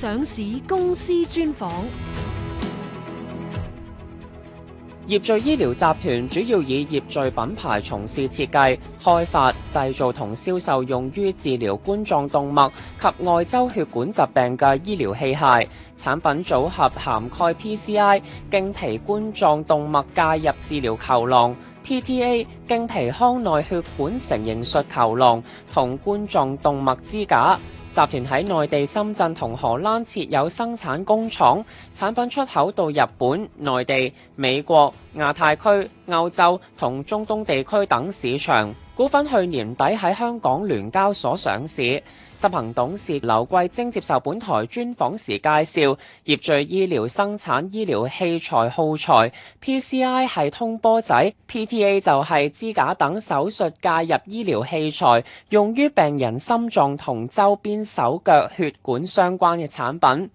上市公司專訪。業聚醫療集團主要以業聚品牌從事設計、開發、製造同銷售用於治療冠狀動脈及外周血管疾病嘅醫療器械，產品組合涵蓋 PCI 經皮冠狀動脈介入治療球囊、PTA 經皮腔內血管成形術球囊同冠狀動脈支架。集團喺內地深圳同荷蘭設有生產工廠，產品出口到日本、內地、美國、亞太區、歐洲同中東地區等市場。股份去年底喺香港聯交所上市。執行董事劉桂禎接受本台專訪時介紹，業聚醫療生產醫療器材耗材，PCI 係通波仔，PTA 就係支架等手術介入醫療器材，用於病人心臟同周邊手腳血管相關嘅產品。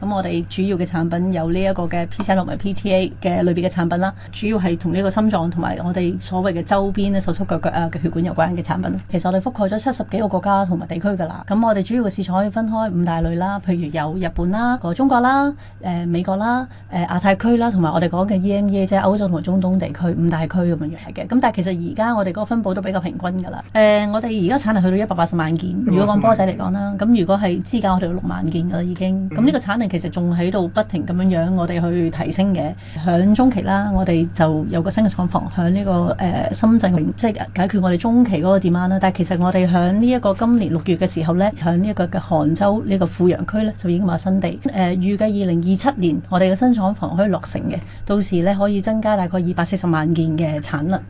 咁我哋主要嘅產品有呢一個嘅 PCI 同埋 PTA 嘅類別嘅產品啦，主要係同呢個心臟同埋我哋所謂嘅周邊嘅手手腳腳啊嘅血管有關嘅產品。其實我哋覆蓋咗七十幾個國家同埋地區㗎啦。咁我哋主要嘅市場可以分開五大類啦，譬如有日本啦、中國啦、誒美國啦、誒亞太區啦，同埋我哋講嘅 EMEA 即係歐洲同埋中東地區五大區咁樣樣嘅。咁但係其實而家我哋個分佈都比較平均㗎啦、呃。我哋而家產量去到一百八十萬件，如果講波仔嚟講啦，咁如果係支架我哋六萬件㗎啦已經。咁呢其實仲喺度不停咁樣樣，我哋去提升嘅。響中期啦，我哋就有個新嘅廠房響呢、這個誒、呃、深圳，即、就、係、是、解決我哋中期嗰個點樣啦。但係其實我哋響呢一個今年六月嘅時候呢，響呢一個嘅杭州呢、這個富陽區呢，就已經有新地誒，預計二零二七年我哋嘅新廠房可以落成嘅，到時呢，可以增加大概二百四十萬件嘅產能。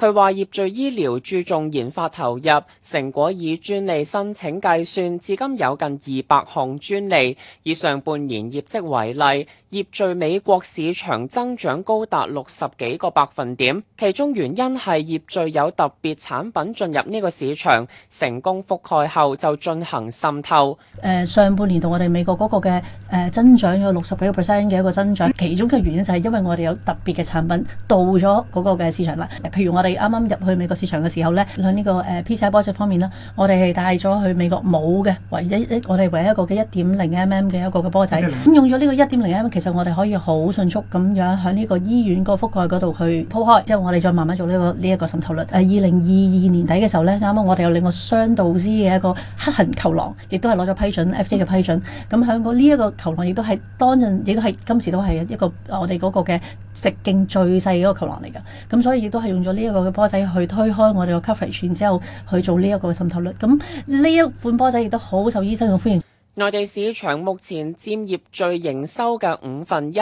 佢話業聚醫療注重研發投入，成果以專利申請計算，至今有近二百項專利。以上半年業績為例，業聚美國市場增長高達六十幾個百分點，其中原因係業聚有特別產品進入呢個市場，成功覆蓋後就進行滲透。誒，上半年同我哋美國嗰個嘅誒增長有六十幾個 percent 嘅一個增長，其中嘅原因就係因為我哋有特別嘅產品到咗嗰個嘅市場啦。誒，譬如我哋。啱啱入去美國市場嘅時候咧，喺呢個誒 PCI 波仔方面呢，我哋係帶咗去美國冇嘅，唯一一我哋唯一一個嘅一點零 mm 嘅一個嘅波仔，咁用咗呢個一點零 mm，其實我哋可以好迅速咁樣喺呢個醫院個覆蓋嗰度去鋪開，之後我哋再慢慢做呢、這個呢一、這個滲透率。誒，二零二二年底嘅時候呢，啱啱我哋有兩個雙導絲嘅一個黑痕球囊，亦都係攞咗批准 FDA 嘅批准，咁響呢一個球囊亦都係當陣，亦都係今時都係一個我哋嗰個嘅直徑最細嗰個球囊嚟嘅，咁所以亦都係用咗呢一個。嘅波仔去推開我哋個 c 啡 v 之後去做呢一個滲透率。咁呢一款波仔亦都好受醫生嘅歡迎。內地市場目前佔業聚營收嘅五分一。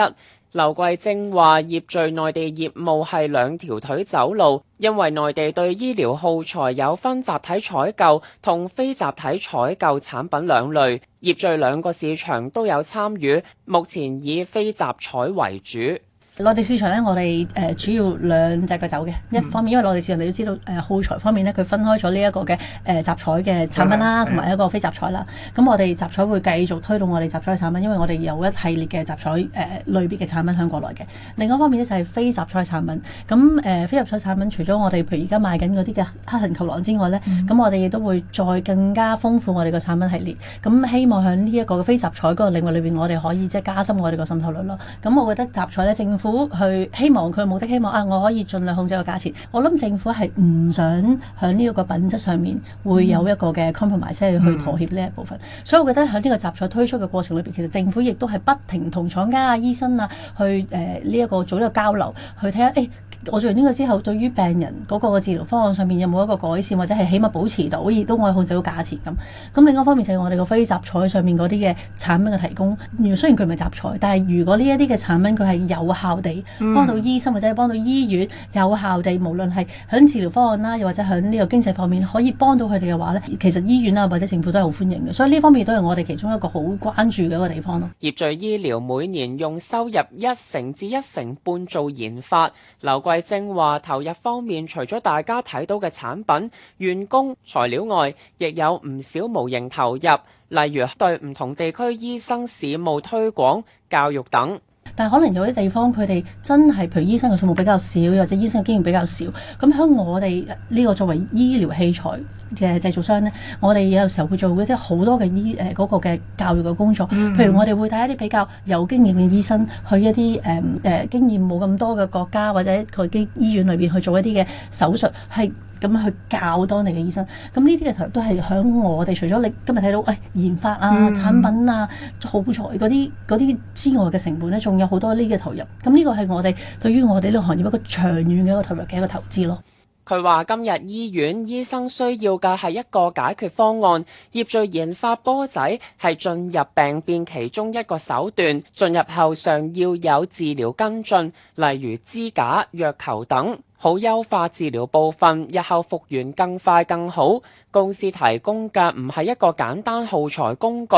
劉桂貞話：業聚內地業務係兩條腿走路，因為內地對醫療耗材有分集體採購同非集體採購產品兩類。業聚兩個市場都有參與，目前以非集採為主。內地市場咧，我哋誒、呃、主要兩隻腳走嘅、嗯。一方面，因為內地市場，你都知道誒耗、呃、材方面咧，佢分開咗呢一個嘅誒集採嘅產品啦，同、嗯、埋一個非集採啦。咁、嗯嗯、我哋集採會繼續推動我哋集採嘅產品，因為我哋有一系列嘅集採誒類別嘅產品響國內嘅。另一方面咧就係、是、非集採產品。咁誒、呃、非集採產品，除咗我哋譬如而家賣緊嗰啲嘅黑人球囊之外咧，咁、嗯、我哋亦都會再更加豐富我哋個產品系列。咁希望響呢一個非集採嗰個領域裏邊，我哋可以即係加深我哋個滲透率咯。咁我覺得集採咧，政府。去希望佢目的希望啊，我可以盡量控制個價錢。我諗政府係唔想響呢個品質上面會有一個嘅 compromise、mm -hmm. 去妥協呢一部分。所以我覺得響呢個集採推出嘅過程裏面，其實政府亦都係不停同廠家啊、醫生啊去誒呢一個做一個交流，去睇下誒我做完呢個之後，對於病人嗰個嘅治療方案上面有冇一個改善，或者係起碼保持到亦都我可以控制到價錢咁。咁另一方面就係我哋個非集採上面嗰啲嘅產品嘅提供，雖然佢唔係集採，但係如果呢一啲嘅產品佢係有效地、嗯、幫到醫生或者幫到醫院，有效地無論係響治療方案啦，又或者響呢個經濟方面，可以幫到佢哋嘅話咧，其實醫院啊或者政府都係好歡迎嘅，所以呢方面都係我哋其中一個好關注嘅一個地方咯。業聚醫療每年用收入一成至一成半做研發，劉桂禎話投入方面除咗大家睇到嘅產品、員工、材料外，亦有唔少無形投入，例如對唔同地區醫生事務推廣、教育等。但係可能有啲地方佢哋真係譬如醫生嘅數目比較少，或者醫生嘅經驗比較少。咁喺我哋呢個作為醫療器材嘅製造商呢，我哋有時候會做一啲好多嘅醫誒嗰、嗰個嘅教育嘅工作。譬如我哋會帶一啲比較有經驗嘅醫生去一啲誒誒經驗冇咁多嘅國家，或者佢啲醫院裏邊去做一啲嘅手術係。咁去教當地嘅醫生，咁呢啲嘅投入都係響我哋。除咗你今日睇到，誒、哎、研發啊產品啊耗材嗰啲嗰啲之外嘅成本咧，仲有好多呢啲嘅投入。咁呢個係我哋對於我哋呢個行業一個長遠嘅一個投入嘅一個投資咯。佢話今日醫院醫生需要嘅係一個解決方案，業聚研發波仔係進入病變其中一個手段，進入後常要有治療跟進，例如支架、藥球等。好優化治療部分，日後復原更快更好。公司提供嘅唔係一個簡單耗材工具，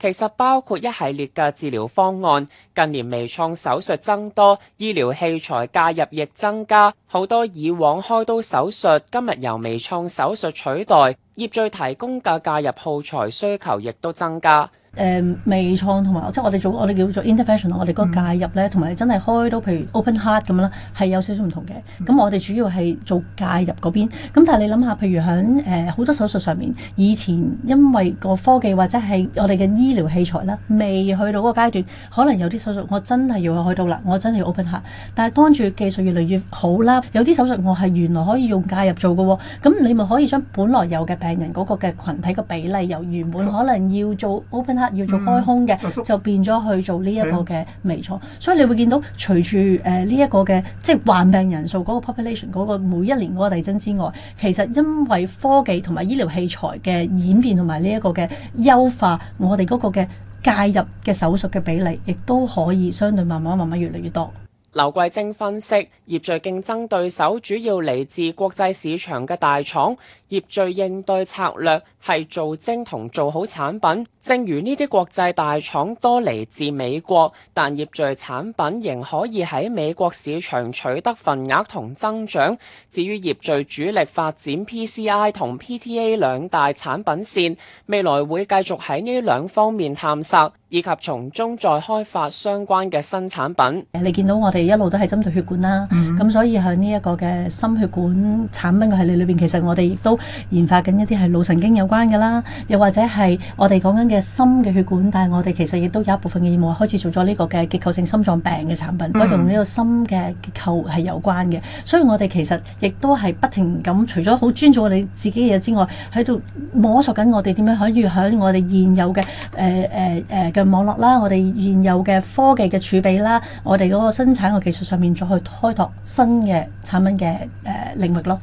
其實包括一系列嘅治療方案。近年微創手術增多，醫療器材介入亦增加，好多以往開刀手術今日由微創手術取代，業聚提供嘅介入耗材需求亦都增加。誒、嗯、微創同埋即係我哋做我哋叫做 intervention，、嗯、我哋嗰個介入咧，同埋真係開到，譬如 open heart 咁樣啦，係有少少唔同嘅。咁、嗯、我哋主要係做介入嗰邊。咁但係你諗下，譬如喺、呃、好多手術上面，以前因為個科技或者係我哋嘅醫療器材啦，未去到嗰個階段，可能有啲手術我真係要開到啦，我真係要 open heart。但係當住技術越嚟越好啦，有啲手術我係原來可以用介入做嘅喎、哦，咁你咪可以將本來有嘅病人嗰個嘅群體嘅比例由原本可能要做 open heart。要做開胸嘅、嗯，就變咗去做呢一個嘅微創、嗯，所以你會見到隨住誒呢一個嘅即係患病人數嗰個 population 嗰個每一年嗰個遞增之外，其實因為科技同埋醫療器材嘅演變同埋呢一個嘅優化，我哋嗰個嘅介入嘅手術嘅比例，亦都可以相對慢慢慢慢越嚟越多。劉桂禎分析，業聚競爭對手主要嚟自國際市場嘅大廠，業聚應對策略係做精同做好產品。正如呢啲國際大廠多嚟自美國，但業聚產品仍可以喺美國市場取得份額同增長。至於業聚主力發展 PCI 同 PTA 兩大產品線，未來會繼續喺呢兩方面探索，以及從中再開發相關嘅新產品。你見到我哋。一路都係針對血管啦，咁、mm -hmm. 所以喺呢一個嘅心血管產品嘅系列裏邊，其實我哋亦都研發緊一啲係腦神經有關嘅啦，又或者係我哋講緊嘅心嘅血管，但係我哋其實亦都有一部分嘅業務開始做咗呢個嘅結構性心臟病嘅產品，都同呢個心嘅結構係有關嘅。所以我哋其實亦都係不停咁，除咗好尊重我哋自己嘅嘢之外，喺度摸索緊我哋點樣可以喺我哋現有嘅誒誒誒嘅網絡啦，我哋現有嘅科技嘅儲備啦，我哋嗰個生產。技術上面再去開拓新嘅產品嘅誒領域咯。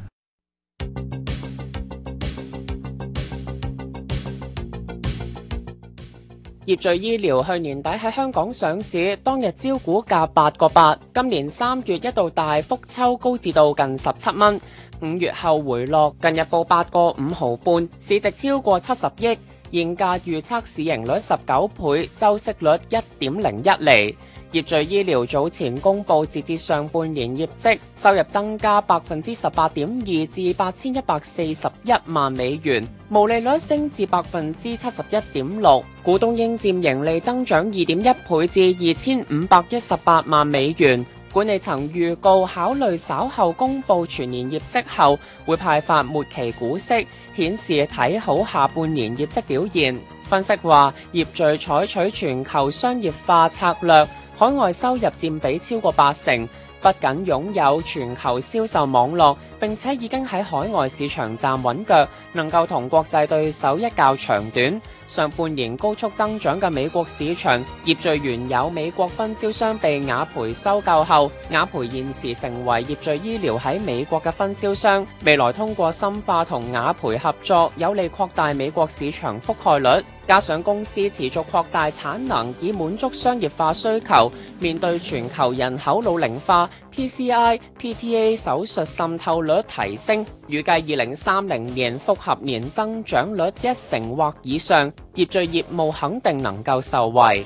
業聚醫療去年底喺香港上市，當日招股價八個八，今年三月一度大幅抽高至到近十七蚊，五月後回落，近日報八個五毫半，市值超過七十億，現價預測市盈率十九倍，周息率一點零一厘。業聚醫療早前公布截至上半年業績，收入增加百分之十八點二，至八千一百四十一萬美元，毛利率升至百分之七十一點六，股東應佔盈利增長二點一倍，至二千五百一十八萬美元。管理層預告考慮稍後公布全年業績後，會派發末期股息，顯示睇好下半年業績表現。分析話，業聚採取全球商業化策略。海外收入佔比超過八成，不僅擁有全球銷售網絡，並且已經喺海外市場站穩腳，能夠同國際對手一較長短。上半年高速增長嘅美國市場，業聚原有美國分銷商被雅培收購後，雅培現時成為業聚醫療喺美國嘅分銷商，未來通過深化同雅培合作，有利擴大美國市場覆蓋率。加上公司持續擴大產能，以滿足商業化需求。面對全球人口老齡化，PCI、PTA 手術滲透率提升，預計二零三零年複合年增長率一成或以上，業聚業務肯定能夠受惠。